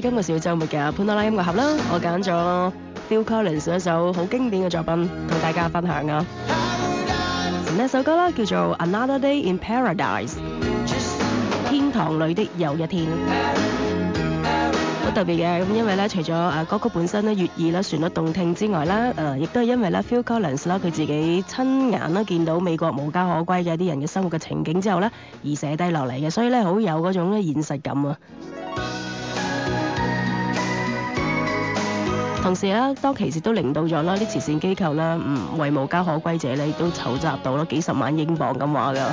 今個小週末嘅潘多拉音樂盒啦，我揀咗 Phil Collins 一首好經典嘅作品同大家分享啊。呢首歌啦叫做 Another Day in Paradise，天堂裏的又一天，好特別嘅。咁因為咧，除咗啊歌曲本身咧悅耳啦、旋律動聽之外啦，誒亦都係因為咧 Phil Collins 咯佢自己親眼啦見到美國無家可歸嘅啲人嘅生活嘅情景之後咧，而寫低落嚟嘅，所以咧好有嗰種咧現實感啊。同時啦，當其時都令到咗啦，啲慈善機構咧，嗯，為無家可歸者咧都籌集到咯幾十萬英鎊咁話噶。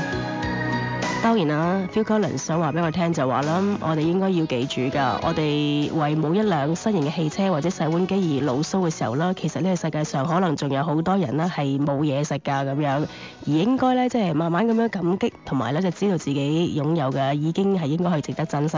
當然啦，Phil Collins 想話俾我聽就話啦，我哋應該要記住噶，我哋為冇一輛新型嘅汽車或者洗碗機而惱蘇嘅時候啦，其實呢個世界上可能仲有好多人啦係冇嘢食噶咁樣，而應該咧即係慢慢咁樣感激同埋咧就知道自己擁有嘅已經係應該係值得珍惜。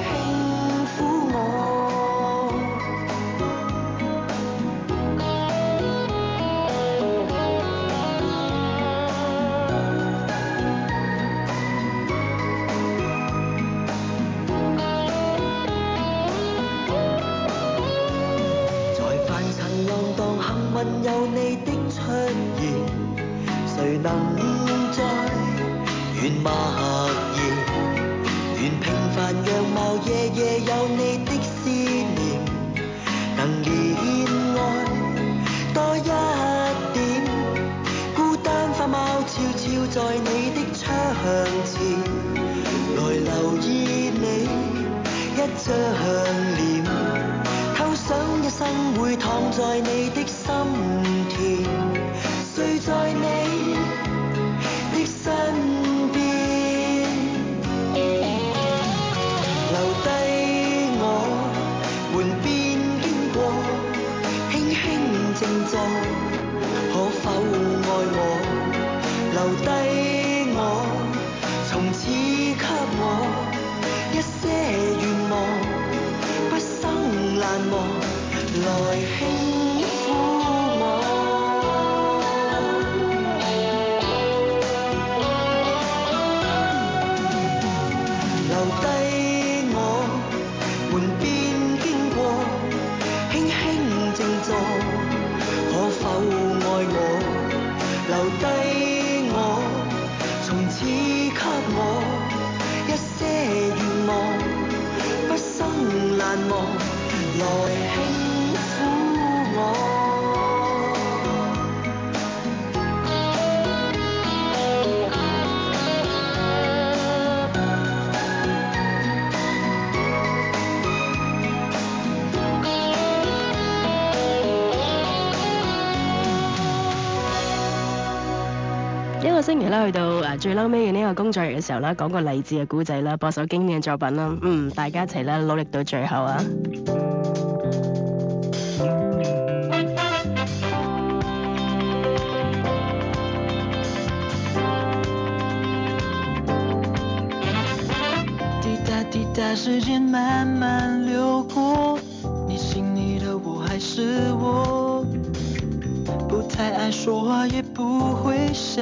星期啦去到啊最嬲尾嘅呢個工作日嘅時候啦，講個勵志嘅古仔啦，播首經典嘅作品啦，嗯，大家一齊啦努力到最後啊！滴答滴答，時間慢慢流過，你心裏的我還是我，不太愛說話，也不會笑。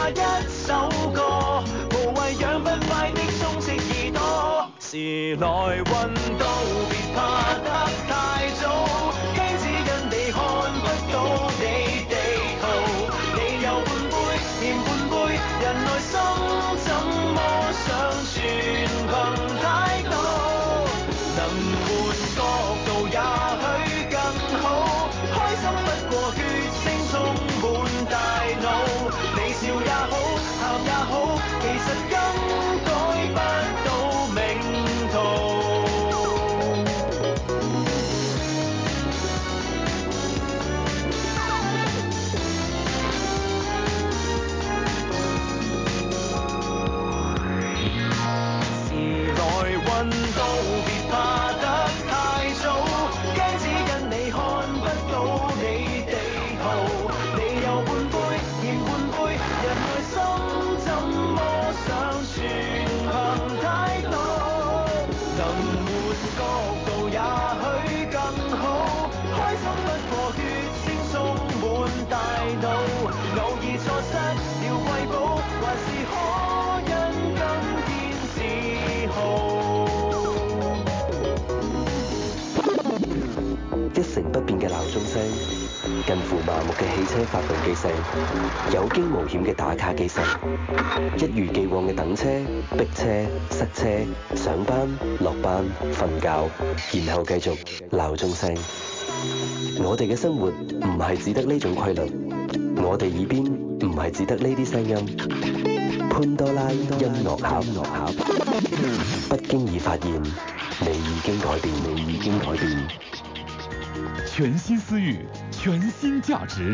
一如既往嘅等車、逼車、塞車、上班、落班、瞓覺，然後繼續鬧鐘聲。我哋嘅生活唔係只得呢種規律，我哋耳邊唔係只得呢啲聲音。潘多拉音樂盒，音樂盒，不經意發現你已經改變，你已經改變。全新思域，全新價值。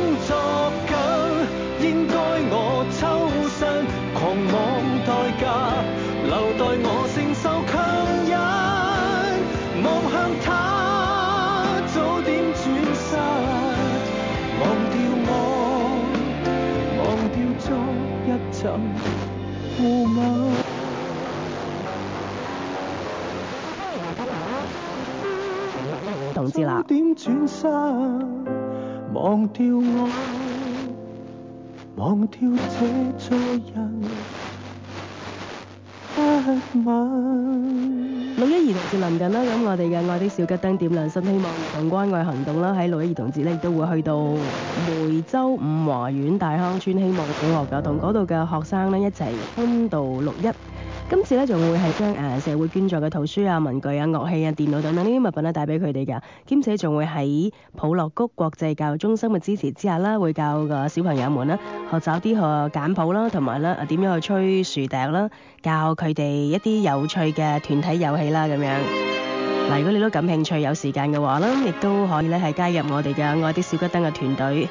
點六一兒童節臨近啦，咁我哋嘅愛的小桔燈點亮新希望活動關愛行動啦，喺六一兒童節呢，亦都會去到梅州五華縣大坑村希望小學噶，同嗰度嘅學生呢，一齊歡度六一。今次咧仲會係將誒社會捐助嘅圖書啊、文具啊、樂器啊、電腦等等呢啲物品咧帶俾佢哋㗎，兼且仲會喺普樂谷國際教育中心嘅支持之下啦，會教個小朋友們咧學習啲學簡譜啦，同埋咧啊點樣去吹豎笛啦，教佢哋一啲有趣嘅團體遊戲啦咁樣。嗱，如果你都感興趣、有時間嘅話啦，亦都可以咧係加入我哋嘅愛的小桔燈嘅團隊。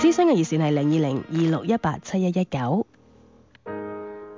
諮詢嘅熱線係零二零二六一八七一一九。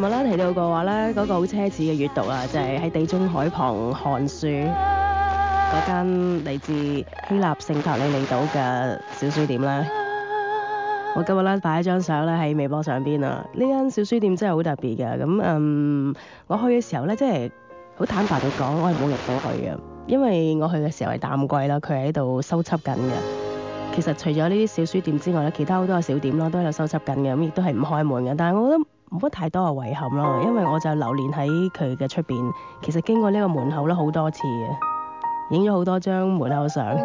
今日咧提到嘅話咧，嗰個好奢侈嘅閲讀啊，就係喺地中海旁看書嗰間嚟自希臘聖托里尼島嘅小書店啦。我今日咧擺一張相咧喺微博上邊啊，呢間小書店真係好特別嘅。咁嗯，我去嘅時候咧，即係好坦白地講，我係冇入到去嘅，因為我去嘅時候係淡季啦，佢喺度收葺緊嘅。其實除咗呢啲小書店之外咧，其他好多嘅小店咯，都有收葺緊嘅，咁亦都係唔開門嘅。但係我覺得，冇乜太多嘅遺憾囉，因為我就流連喺佢嘅出面。其實經過呢個門口好多次嘅，影咗好多張門口相，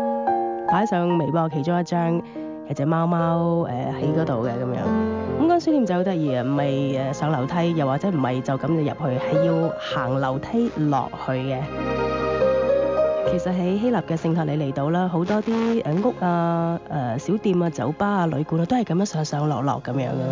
擺上微博其中一張有隻貓貓、呃、在喺嗰度嘅咁樣。咁、那、間、個、書店就好得意，不唔係上樓梯又或者不唔係就咁就入去，係要行樓梯落去嘅。其實喺希臘嘅聖托里尼島啦，好多啲誒屋啊，啊、小店啊、酒吧啊、旅館啊，都係咁樣上上落落咁樣咯。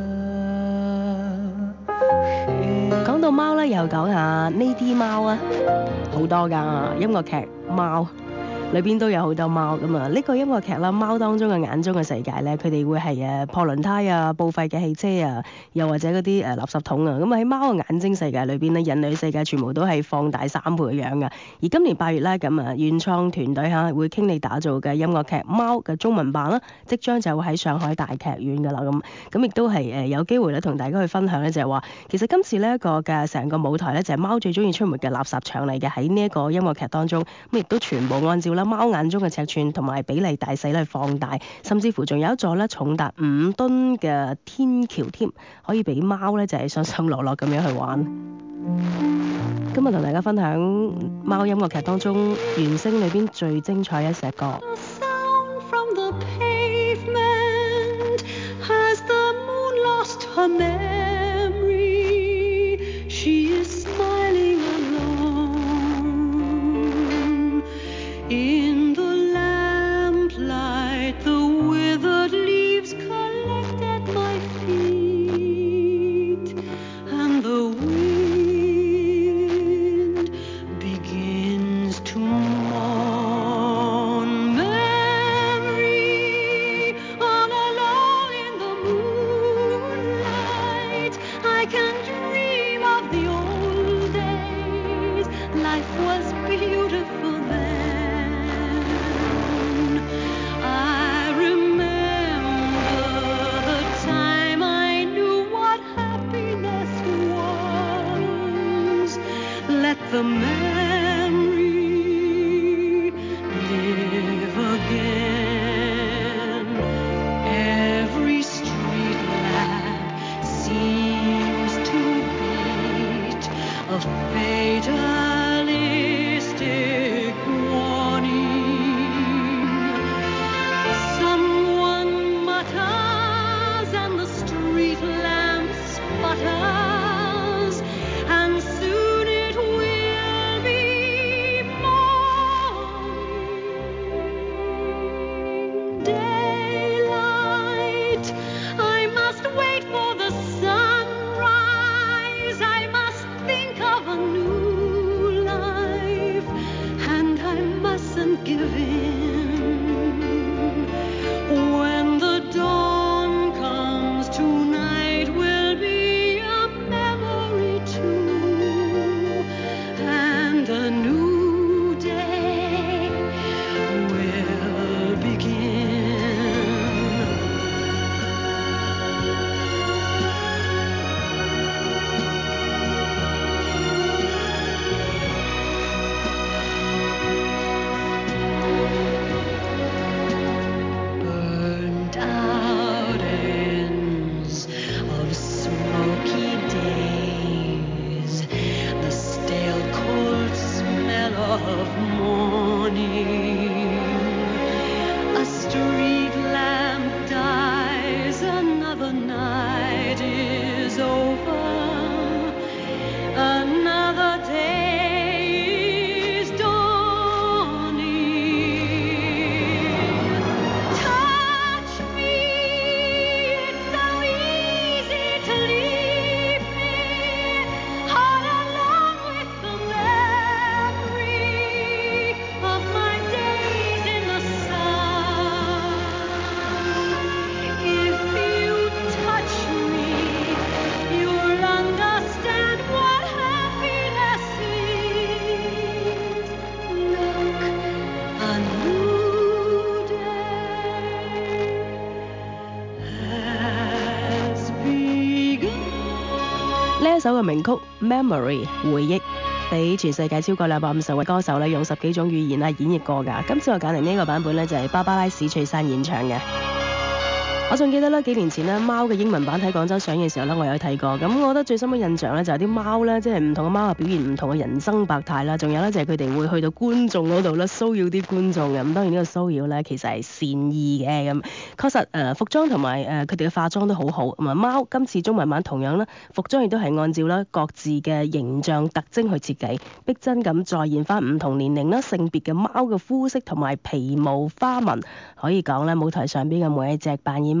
講到貓啦，又講下呢啲貓啊，好多㗎，音樂劇貓裏邊都有好多貓噶嘛？呢個音樂劇啦，貓當中嘅眼中嘅世界咧，佢哋會係誒破輪胎啊、報廢嘅汽車啊，又或者嗰啲誒垃圾桶啊。咁喺貓嘅眼睛世界裏邊咧，人類世界全部都係放大三倍嘅樣噶。而今年八月咧咁啊，原創團隊嚇、啊、會傾力打造嘅音樂劇《貓》嘅中文版啦、啊，即將就會喺上海大劇院噶啦咁。咁亦都係誒有機會咧同大家去分享咧，就係話其實今次呢一個嘅成個舞台咧就係貓最中意出沒嘅垃圾場嚟嘅。喺呢一個音樂劇當中，咁亦都全部按照貓眼中嘅尺寸同埋比例大細咧，放大，甚至乎仲有一座咧重達五噸嘅天橋，添可以俾貓咧就係上上落落咁樣去玩。今日同大家分享貓音樂劇當中原聲裏邊最精彩嘅一隻歌。呢一首嘅名曲《Memory 回憶》俾全世界超過兩百五十位歌手咧用十幾種語言演繹過㗎。今次我揀嚟呢個版本咧就係芭芭拉史翠珊演唱嘅。我仲記得幾年前呢，貓嘅英文版喺廣州上演嘅時候呢，我有睇過。咁我覺得最深刻印象呢，就係啲貓呢，即係唔同嘅貓啊，表現唔同嘅人生百態啦。仲有呢，就係佢哋會去到觀眾嗰度啦，騷擾啲觀眾咁，當然呢個騷擾呢，其實係善意嘅咁。確實誒服裝同埋誒佢哋嘅化妝都好好。咁啊貓今次中文版同樣呢，服裝亦都係按照啦各自嘅形象特徵去設計，逼真咁再現翻唔同年齡啦、性別嘅貓嘅膚色同埋皮毛花紋。可以講呢，舞台上邊嘅每一隻扮演。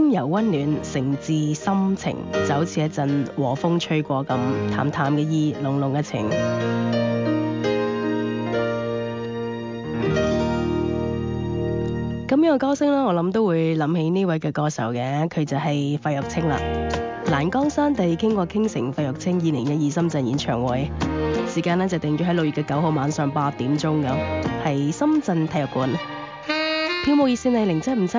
輕柔溫暖，誠摯心情，就好似一陣和風吹過咁，淡淡嘅意，濃濃嘅情。咁樣嘅歌聲咧，我諗都會諗起呢位嘅歌手嘅，佢就係費玉清啦。蘭江山地傾國傾城，費玉清二零一二深圳演唱會，時間呢就定咗喺六月嘅九號晚上八點鐘咁，係深圳體育館，票務熱線係零七五七。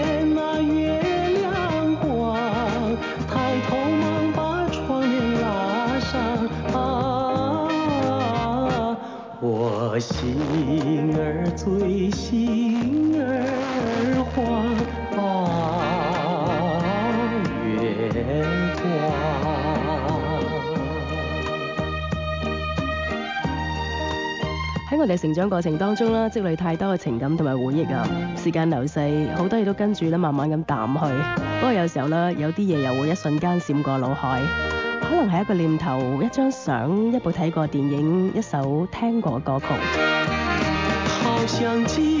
我哋成長過程當中啦，積累太多嘅情感同埋回憶啊。時間流逝，好多嘢都跟住咧，慢慢咁淡去。不過有時候咧，有啲嘢又會一瞬間閃過腦海，可能係一個念頭、一張相、一部睇過電影、一首聽過歌曲。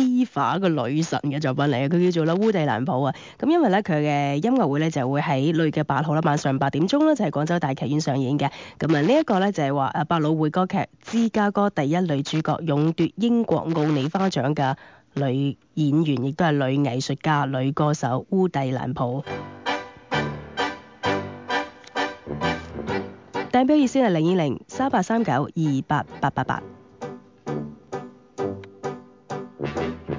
斯法個女神嘅作品嚟啊，佢叫做啦烏蒂蘭普啊。咁因為咧佢嘅音樂會咧就係會喺六月嘅八號啦，晚上八點鐘咧就係、是、廣州大劇院上演嘅。咁啊呢一個咧就係話啊百老匯歌劇《芝加哥》第一女主角，勇奪英國奧利花獎嘅女演員，亦都係女藝術家、女歌手烏蒂蘭普。訂票熱線係零二零三八三九二八八八八。